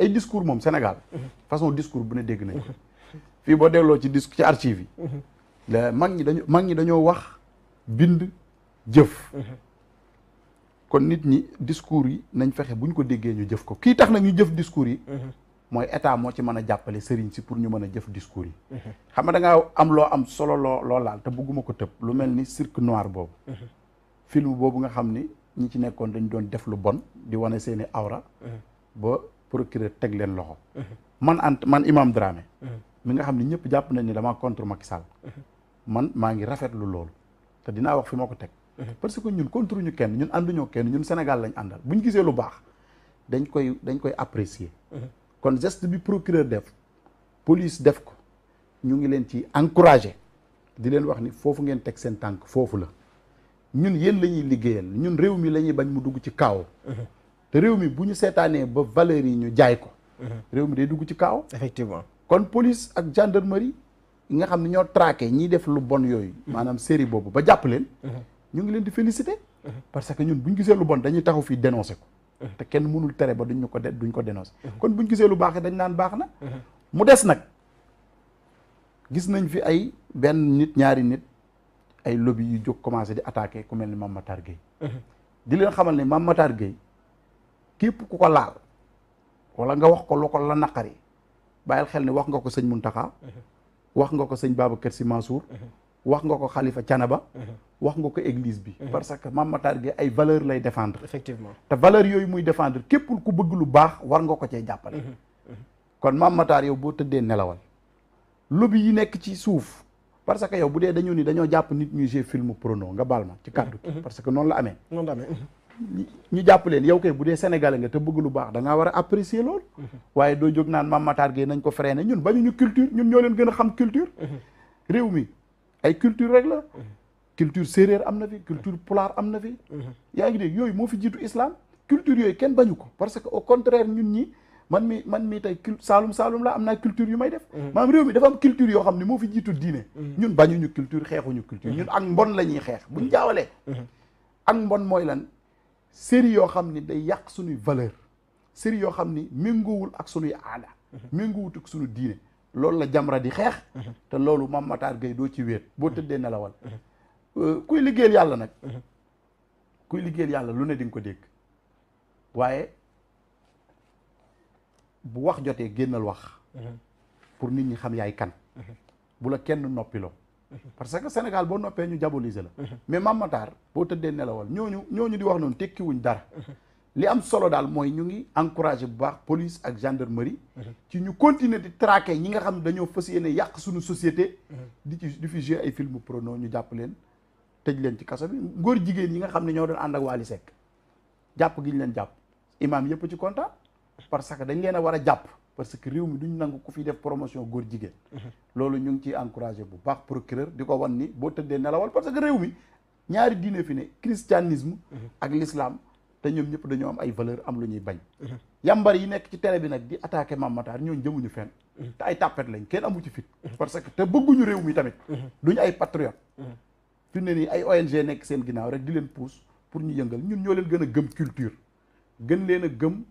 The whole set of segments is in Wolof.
ay discours moom Sénégal façon discours bu ne dégg nañ fii boo delloo ci discours ci archive yi mag ñi dañu mag ñi dañoo wax bind jëf kon nit ñi discours yi nañ fexe bu ko déggee ñu jëf ko kii tax na ñu jëf discours yi mooy état moo ci mën a jàppale sëriñ si pour ñu mën a jëf discours yi xam nga da am loo am solo loo loo laal te bëgguma ko tëb lu mel ni cirque noir boobu film boobu nga xam ni ñi ci nekkoon dañ doon def lu bon di wane seeni awra ba procureur teg leen loxo. man ant man imam Dramé. mi nga xam ne ñëpp jàpp nañ ni damaa contre Macky Sall. man maa ngi rafetlu loolu. te dinaa wax fi ma ko teg. parce que ñun contre ñu kenn ñun ànduñoo kenn ñun senegal lañ àndal buñ ñu gisee lu baax dañ koy dañ koy apprécier. kon geste bi procureur def police def ko ñu ngi leen ci encouragé di leen wax ni foofu ngeen teg seen tànk foofu la ñun yéen la ñuy liggéeyal ñun réew mi la ñuy bañ mu dugg ci kaw te réew mi bu ñu seetaanee ba valeur yi ñu jaay ko. Mhm. réew mi day dugg ci kaw effectivement kon police ak gendarmerie nga xam ne ñoo traqué ñiy def lu bon yooyu. Mhm. maanaam série boobu ba jàpp leen. Mhm. ñu ngi leen di félicité. parce que ñun bu ñu gisee lu bon dañuy taxaw fii dénoncé ko. te kenn mënul tere ba duñ ko de duñ ko dénoncé. kon bu ñu gisee lu baax dañ naan baax na. mu des nag gis nañ fi ay benn nit ñaari nit ay lobby yu jóg commencé di attaqué ku mel ni Mame Matar Gueye. di leen xamal ne Mame Matar Gueye képp ku ko laal wala nga wax ko loo ko la naqari bàyyil xel ne wax nga ko sëñ Muntaxa wax nga ko sëñ Babacar Sy Mansour wax nga ko xalifa Canaba wax nga ko église bi parce que Mame Matar ay valeur lay défendre effectivement te valeur yooyu muy défendre képp ku bëgg lu baax war nga ko cee jàppale kon Mame Matar boo tëddee nelawal lobby yi nekk ci suuf parce que yow bu dee dañu ni dañoo jàpp nit ñuy jeu film porno nga baal ma ci kàddu ki mhm. parce que noonu la ñu jàpp leen yow kay bu dee sénégalais nga te bëgg lu baax da war a apprécier lool. waaye doo jóg naan Mame Matar Gueye nañ ko na ñun bañuñu culture ñun ñoo leen gën a xam culture. réew mi ay culture rek la. culture séeréer am na fi culture pulaar am na fi. yaa ngi dégg yooyu moo fi jiitu islam culture yooyu kenn bañu ko parce que au contraire ñun ñi man mi man mi tey saalum saalum la am naa culture yu may def. maanaam réew mi dafa am culture yoo xam ne moo fi jiitu diine. ñun bañuñu culture xeexuñu culture. ñun ak mbon la ñuy xeex buñ jaawalee. ak mbon mooy lan. série yoo xam ni day yàq suñuy valeur série yoo xam ni méngoowul ak suñuy aada méngoowut ak suñu diine loolu la Jamra di xeex te loolu Mame Matar doo ci wéet boo tëddee nelawal euh, kuy liggéeyal yàlla nag kuy liggéeyal yàlla lu ne di ko dégg waaye bu wax jotee génnal wax pour nit ñi xam yaay kan bu la kenn noppiloo parce que Sénégal boo noppee ñu diaboliser la mais Mame Matar boo tëddee nelawal ñoo ñu di wax noonu tekkiwuñ dara li am solo daal mooy ñu ngi encouragé bu baax police ak gendarmerie ci ñu continuer di traquer ñi nga xam ne dañoo fas yéene yàq suñu société di ci diffuser ay films prono ñu jàpp leen tëj leen ci kaso bi góor jigéen ñi nga xam ne ñoo doon ànd ak Wally Seck jàpp gi ñu leen jàpp imam yëpp ci kontaan parce que dañ leen a war a jàpp parce que réew mi duñ nangu ku fi def promotion góor jigéen mhm. loolu ñu ngi ciy encouragé bu baax procureur di ko wan ni boo tëddee nelawal parce que réew mi ñaari diine fi ne christianisme mhm. ak l'islam te ñoom ñëpp dañoo am ay valeur am lu ñuy bañ mhm. yambar yi nekk ci tele bi nag di attaqué Mame Matar ñoo jëmuñu fenn te ay tàppet lañ kenn amu ci fit parce que te bëgguñu réew mi tamit duñu ay patriote fi ne nii ay ONG nekk seen ginnaaw rek di leen pousse pour ñu yëngal ñun ñoo leen gën a gëm culture gën leen a gëm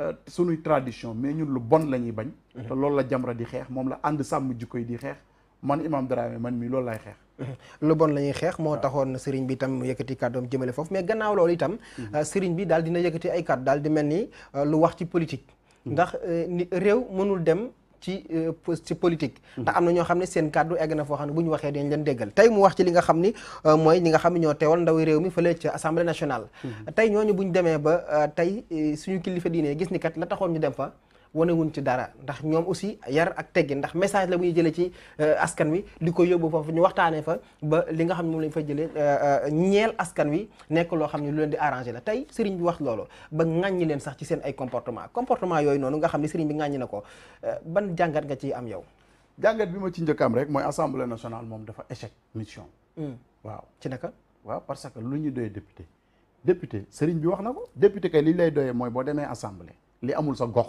Euh, sunuy tradition mais ñun lu bon la ñuy bañ. te la Jamra di xeex moom la ànd sàmm jikko yi di xeex man Imam Dramé man mii loolu lay xeex. lu bon la ñuy xeex moo taxoon sëriñ bi itam yëkkati kàddoom jëmale foofu mais gannaaw loolu itam. Hmm. Euh, sëriñ bi daal dina yëkkati ay kàddu daal di mel ni euh, lu wax ci politique. Hmm. ndax ni réew mënul dem. ci euh, ci politique mm-hmm. ndax am na ñoo xam ne seen kàddu egg na foo xam ne bu ñu waxee dañ leen déggal tey mu wax ci li nga xam ni euh, mooy ñi nga xam ne ñoo teewal ndawi réew mi fële ci assemblée nationale mm-hmm. tey ñooñu bu ñu demee ba euh, tey suñu kilifa diine gis ni kat la taxoon ñu dem fa wane wanewuñ ci dara ndax ñoom aussi yar ak teggin ndax message la bu ñu jëlee ci euh, askan wi li ko yóbbu foofu ñu waxtaanee fa ba li nga xam ne moom lañ fa jëlee euh, euh, ñeel askan wi nekk loo xam ne lu leen di arrangé la tey sëriñ bi wax loolu ba ŋàññi leen sax ci seen ay comportement comportement yooyu noonu nga xam ne sëriñ bi ŋàññi na ko ban jàngat nga ci am yow jàngat bi ma ci njëkk am rek mooy assemblée nationale moom dafa échec mission hmm. waaw ci naka waaw parce que lu ñu doyee député député sëriñ bi wax na ko député kay li lay doyee mooy boo demee assemblée li amul sa gox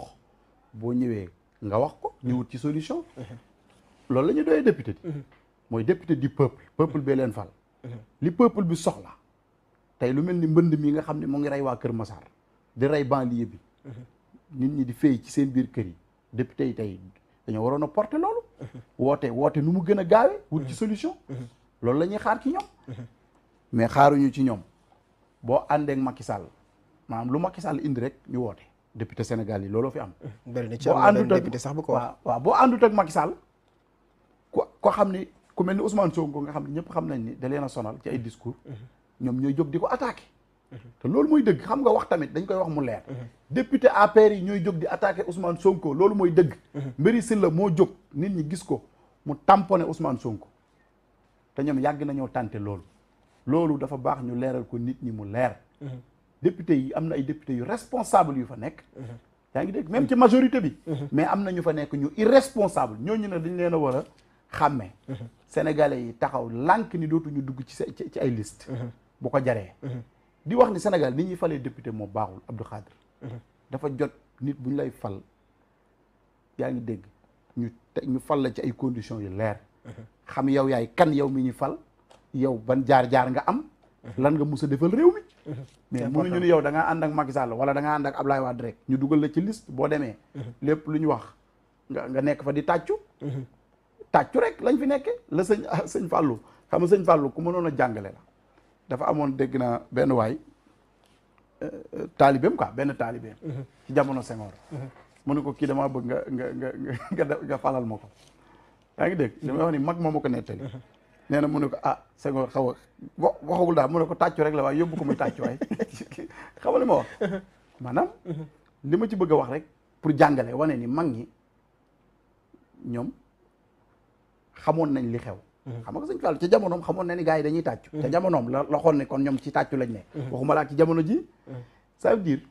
boo ñëwee nga wax ko ñu wut ci solution loolu la ñu doyee député di mhm. mooy député di peuple peuple bee leen fal mhm. li peuple bi soxla tey lu mel ni mbënd mi nga xam ne mu ngi rey waa Kër Massar di rey banlieue bi mhm. nit ñi di fay ci seen biir kër yi député yi tey dañoo waroon a porter loolu woote woote nu mu gën a gaawe wut ci solution loolu la ñuy xaar ci ñoom mais xaaruñu ci ñoom boo àndeek Macky Sall lu Macky Sall indi rek ñu woote député Sénégal yi looloo fi am. bëri na ci am sax bu ko wax waaw boo àndut ak Macky Sall ku ko xam ni ku mel ni Ousmane Sonko nga xam ne ñëpp xam nañ ni da leen a sonal ci ay discours. ñoom ñooy jóg di ko attaque te loolu mooy dëgg xam nga wax tamit dañ koy wax mu leer. député APR yi ñooy jóg di attaqué Ousmane Sonko loolu mooy dëgg. Mbéri Sylla moo jóg nit ñi gis ko mu tamponné Ousmane Sonko te ñoom yàgg nañoo tànte loolu. loolu dafa baax ñu leeral ko nit ñi mu leer. député yi am na ay député yu responsable yu fa nekk mhm. yaa ngi dégg même ci majorité bi mhm. mais am na ñu fa nekk ñu irresponsable ñooñu ne dañ leen a war a xàmmee mhm. sénégalais yi taxaw lànk ni dootuñu dugg ci ci ay liste bu ko jaree di wax ni Sénégal ni ñuy falee député moo baaxul Abdou Khadre dafa jot nit bu ñu lay fal yaa ngi dégg ñu ñu fal la ci ay conditions yu leer xam yow yaay kan yow mi ñuy fal yow ban jaar-jaar nga am lan nga mus a defal réew mi mais mënuñu ne yow da ngaa ànd ak Macky Sall wala da ngaa ànd ak Ablaye Wade rek ñu dugal la ci list boo demee lépp lu ñu wax nga nga nekk fa di tàccu tàccu rek lañ fi nekke la sëñ ah, sëñ Fallou xam sëñ Fallou ku mënoon a jàngale la dafa amoon dégg na benn waay euh, euh, taalibeem quoi benn taalibeem ci jamono Senghor mu ne ko kii damaa bëgg nga nga nga nga falal ma ko yaa ngi dégg damay wax ni mag moom ma ko nettali nee na mu ne ko ah Senghor xaw a daal mu ne ko tàccu rek la waaye yóbbu ko muy tàccu waay xamal li ma wax maanaam li ma ci bëgg a wax rek pour jàngale wane ni mag ñi ñoom xamoon nañ li xew xam nga sëñ Fall ci xamoon na ni gars yi dañuy tàccu te jamonoom la la xool ñoom ci tàccu lañ ne waxuma laa ci jamono ji sa veut dire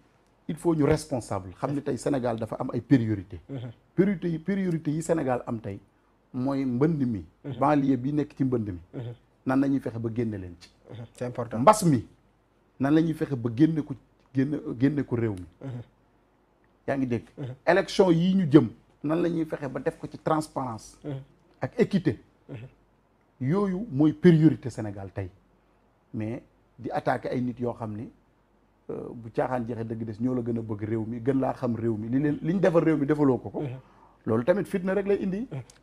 il faut ñu responsable xam ni tey Sénégal dafa am ay priorité priorité yi priorité yi Sénégal am tey mooy mbënd mi mhm. banlieue bi nekk ci mbënd mi mhm. nan la ñuy fexe ba génne leen ci mhm. c'est important mbas mi nan lañuy fexe ba génne ko génne génne réew mi yaa ngi dégg élection yi ñu jëm nan la ñuy fexe ba def ko ci transparence ak équité yooyu mooy priorité Sénégal tey mais di attaqué ay nit yoo xam ni euh, bu caaxaan jexe dëgg des ñoo la gën a bëgg réew mi gën laa xam réew mi li leen liñ defal réew mi defaloo ko ko loolu tamit fitna rek lay indi.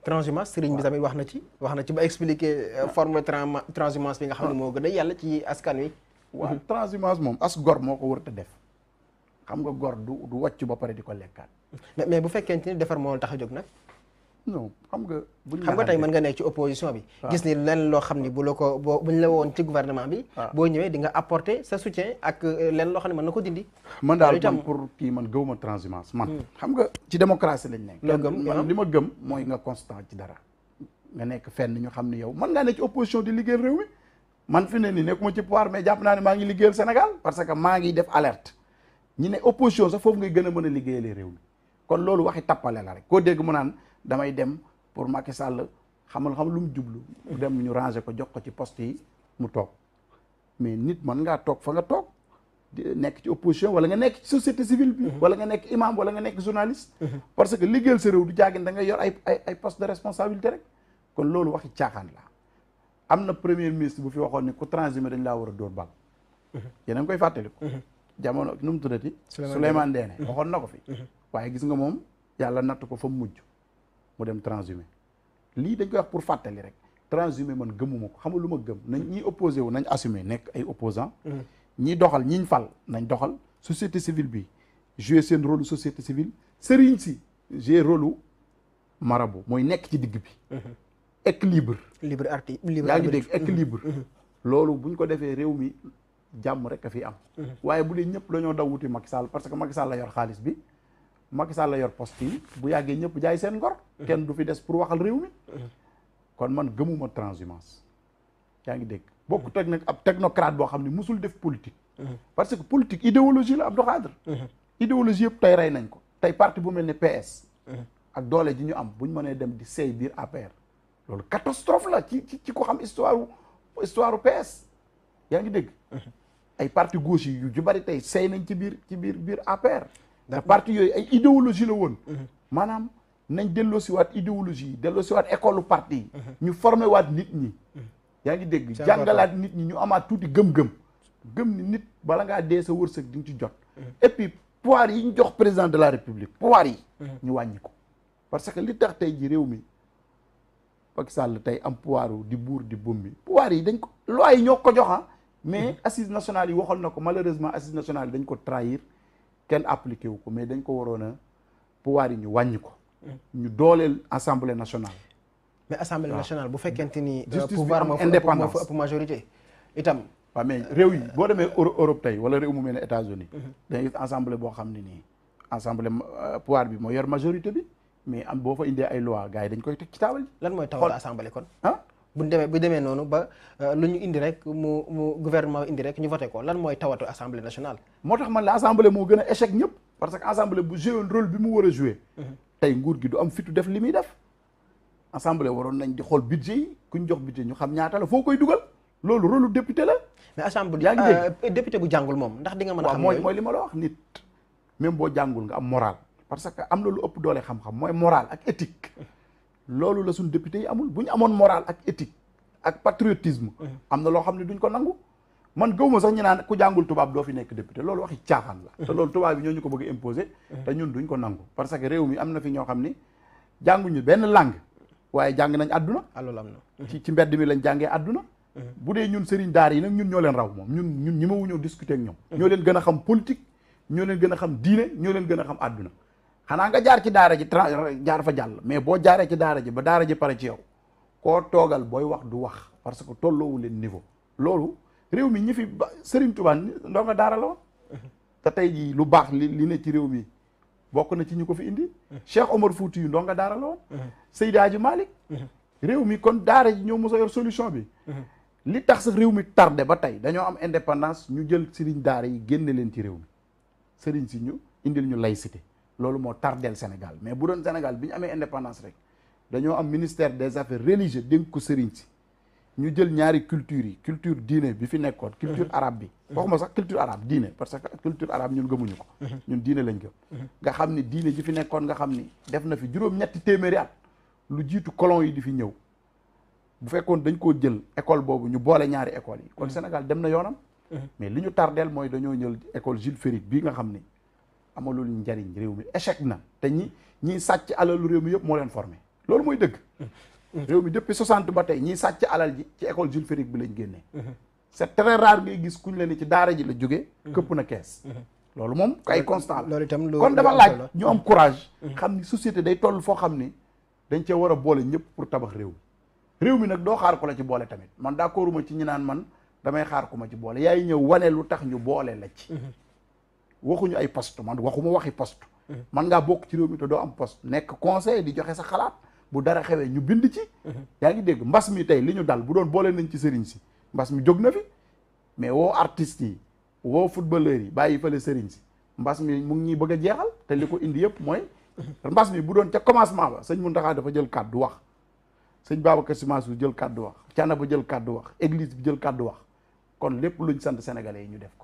transhumance sëriñ bi tamit wax na ci. wax na ci ba expliquer euh, ah. forme transhumance bi nga xam ne ah. moo gën a yàlla ci askan wi. waaw mm-hmm. transhumance moom as gor moo ko war a def xam nga gor du du wàcc ba pare di ko lekkaat. mais mais bu fekkente ni defar moo tax a jog nag. non xam nga. bu ñu xam nga tey mën nga nekk ci opposition bi. gis ni loo xam ni bu la ko boo bu ñu bi. boo ñëwee dinga nga apporter sa soutien ak euh, lenn loo xam ne mën na ko dindi. man daal man pour kii man gëwuma transhumance man. Hmm. xam nga ci démocratie lañ nekk. loo gëm maanaam li ma gëm mooy nga constant ci dara. nga nekk fenn ñu xam ne yow man ngaa ne ci opposition di liggéeyal réew mi man fi ne nii nekkuma ci pouvoir mais jàpp naa ne maa ngi liggéeyal Sénégal parce que maa ngi def alerte ñi ne opposition sax foofu ngay gën a mën a liggéeyale réew mi kon loolu waxi tappale la rek koo dégg mu damay dem pour Macky Sall xamal xam lu mu jublu. dem ñu ranger ko jox ko ci poste yi mu toog mais nit mën ngaa toog fa nga toog nekk ci opposition wala nga nekk ci société civile bi. wala nga nekk imam wala nga nekk journaliste. parce que liggéeyal sa réew du jaagin da nga yor ay ay ay poste de responsabilité rek kon loolu waxi caaxaan la am na premier ministre bu fi waxoon ne ku transhumé dañ laa war a dóor bal. yéen a ngi koy fàttaliku. jamono nu mu tuddati. Souleymane Ndéné waxoon na ko fi. Mhm. waaye gis nga moom yàlla natt ko fa mu mujj. mu dem transhumé lii dañ koy wax pour fàttali rek transhumé man gëmuma ko xam lu ma gëm nañ ñi opposé wu nañ assumé nekk ay opposant mm. ñi doxal ñiñ fal nañ doxal société civile bi jouer seen rôle société civile sëriñ si jouer rôle marabout mooy nekk ci digg bi mm-hmm. équilibre libre arti yaa ngi dégg mm-hmm. équilibre mm-hmm. loolu buñ ko defee réew mi jàmm rek a fi am waaye bu dee ñëpp dañoo daw wuti Macky parce que Macky Sall la yor xaalis bi Macky la yor poste yi bu yàggee ñëpp jaay seen ngor kenn du fi des pour waxal réew mi kon man gëmuma transhumance yaa ngi dégg bokku teg nag ab technocrate boo xam ne musul def politique parce que politique idéologie la Abdou Khadre idéologie yëpp tey rey nañ ko tey parti bu mel ne PS ak doole ji ñu am bu ñu mënee dem di sey biir APR loolu catastrophe la ci ci ko xam histoire histoire PS yaa ngi dégg ay parti gauche yu ju bari tey sey nañ ci biir ci biir biir APR ndax parti yooyu ay idéologie la woon mhm. maanaam nañ delloo si waat idéologie yi delloo si waat école parti yi mhm. ñu formé waat nit ñi mhm. yaa ngi dégg jàngalaat nit ñi ñu amaat tuuti gëm-gëm gëm nit bala ngaa dee sa wërsëg di nga ci jot et puis yi ñu jox président de la république pouvoir yi ñu wàññi ko parce que li tax tey ji réew mi Macky Sall tey am pouvoir di buur di bum mi pouvoir yi dañ ko loi yi ñoo ko joxa ah. mais assises national yi waxoon na ko malheureusement assises nationales yi dañ ko trahir kenn appliqué wu ko mais dañ ko waroon a pouvoir yi ñu wàññi ko. ñu dooleel assemblée nationale. mais assemblée nationale bu fekkente ni. Euh, pouvoir moo fa ëpp majorité itam. waaw mais rew yi euh, boo demee Europe tey wala rew mu mel ne États-Unis mhm. dañuy gis assemblée boo xam ne nii assemblée euh, pouvoir bi moo yor majorité bi mais am boo fa indee ay loi gars yi dañ koy teg ci taabal ji. lan mooy tawal assemblée kon ah. bu demee bu demee noonu ba euh, lu ñu indi rek mu gouvernement indi rek ñu voté ko lan mooy tawatu assemblée nationale. moo tax man la assemblée moo gën a échec ñëpp parce que assemblée bu joué rôle bi mu war a joué. Mhm. tey nguur gi du am fitu def li muy def. assemblée waroon nañ di xool budget yi ku ñu jox budget ñu xam ñaata la foo koy dugal loolu rôle lu député la. mais assemblée yaa ngi euh, député bu jàngul moom ndax di nga mën a. xam mooy mooy li ma la wax nit. même boo jàngul nga am moral parce que am na lu ëpp doole xam mooy moral ak éthique. loolu la suñ député yi amul bu ñu amoon moral ak éthique ak patriotisme. am na loo xam ne duñ ko nangu. man gëw ma sax ñu naan ku jàngul tubaab doo fi nekk député loolu waxi caaxaan la. te loolu tubaab yi ñoo ñu ko bëgg a imposer. te ñun duñ ko nangu parce que réew mi am na fi ñoo xam ni jàngu ñu benn langue waaye jàng nañ àdduna. alors ah, am na ci ci mbedd mi lañ jàngee àdduna. bu dee ñun sëriñ daar yi nag ñun ñoo leen raw moom ñun ñun ñi ma wuñoo discuter ak ñoom. ñoo leen gën a xam politique ñoo leen gën a xam diine ñoo leen gën a xam àdduna xanaa nga jaar ci daara ji jaar fa jàll mais boo jaaree ci daara ji ba daara ji pare ci yow koo toogal booy wax du wax parce que tolloowu leen niveau loolu réew mi ñi fi Serigne Touba ndongo daara la te tey jii lu baax li li ne ci réew mi bokk na ci ñu ko fi indi Cheikh Omar Fouti yu ndongo daara la woon Seydi Hadji réew mi kon daara ji ñoo mos yor solution bi li tax sa réew mi tardé ba tey dañoo am indépendance ñu jël sëriñ daara yi génne leen ci réew mi sëriñ si ñu indil ñu laïcité loolu moo tardeel Sénégal mais bu doon Sénégal bi ñu amee indépendance rek dañoo am ministère des affaires religieuses dénk ko sëriñ si ñu jël ñaari culture yi culture diine bi fi nekkoon culture mhm. arabe bi mhm. ma sax culture arabe diine parce que culture arabe ñun gëmuñu ko mhm. ñun diine lañ gëm nga xam ni diine ji fi nekkoon nga xam ni def na fi juróom ñetti téeméeri at lu jiitu colon yi di fi ñëw bu fekkoon dañ koo jël école boobu ñu boole ñaari école yi kon Sénégal dem na yoonam mais li ñu mooy dañoo ñël école Jules Ferry bii nga xam ni amalul njariñ réew mi échec na te ñi ñiy sàcc alalu réew mi yëpp moo leen formé loolu mooy dëgg mm-hmm. réew mi depuis 60 ba tey ñiy sàcc alal ji ci école Jules Ferry bi lañ génnee mm-hmm. c'est très rare ngay gis kuñ la ne ci daara ji la jóge mm-hmm. këpp na kees loolu moom ay constat la kon dama laaj ñu am courage xam ni société day toll foo xam ni dañ cee war a boole ñëpp pour tabax réew mi réew mi nag doo xaar ko la ci boole tamit man d'accorduma ci ñi naan man damay xaar ku ma ci boole yaay ñëw wane lu tax ñu boole la ci waxuñu ay poste man waxuma waxi poste man ngaa bokk ci réew mi te doo am post nekk conseil di joxe sa xalaat bu dara xewee ñu bind ci yaa ngi dégg mbas mi tey li ñu dal bu doon boole nañ ci sëriñ si mbas mi jóg na mais woo artistes yi woo footballeurs yi bàyyi fële sëriñ si mbas mi mu ngi ñuy bëgg a jeexal te li ko indi yëpp mooy mbas mi bu doon ca commencement ba mu Mountakha dafa jël kàddu wax sëñ Babacar Sy Mansour jël kàddu wax ba jël kàddu wax église bi jël kàddu wax kon lépp lu luñ sant sénégalais yi ñu def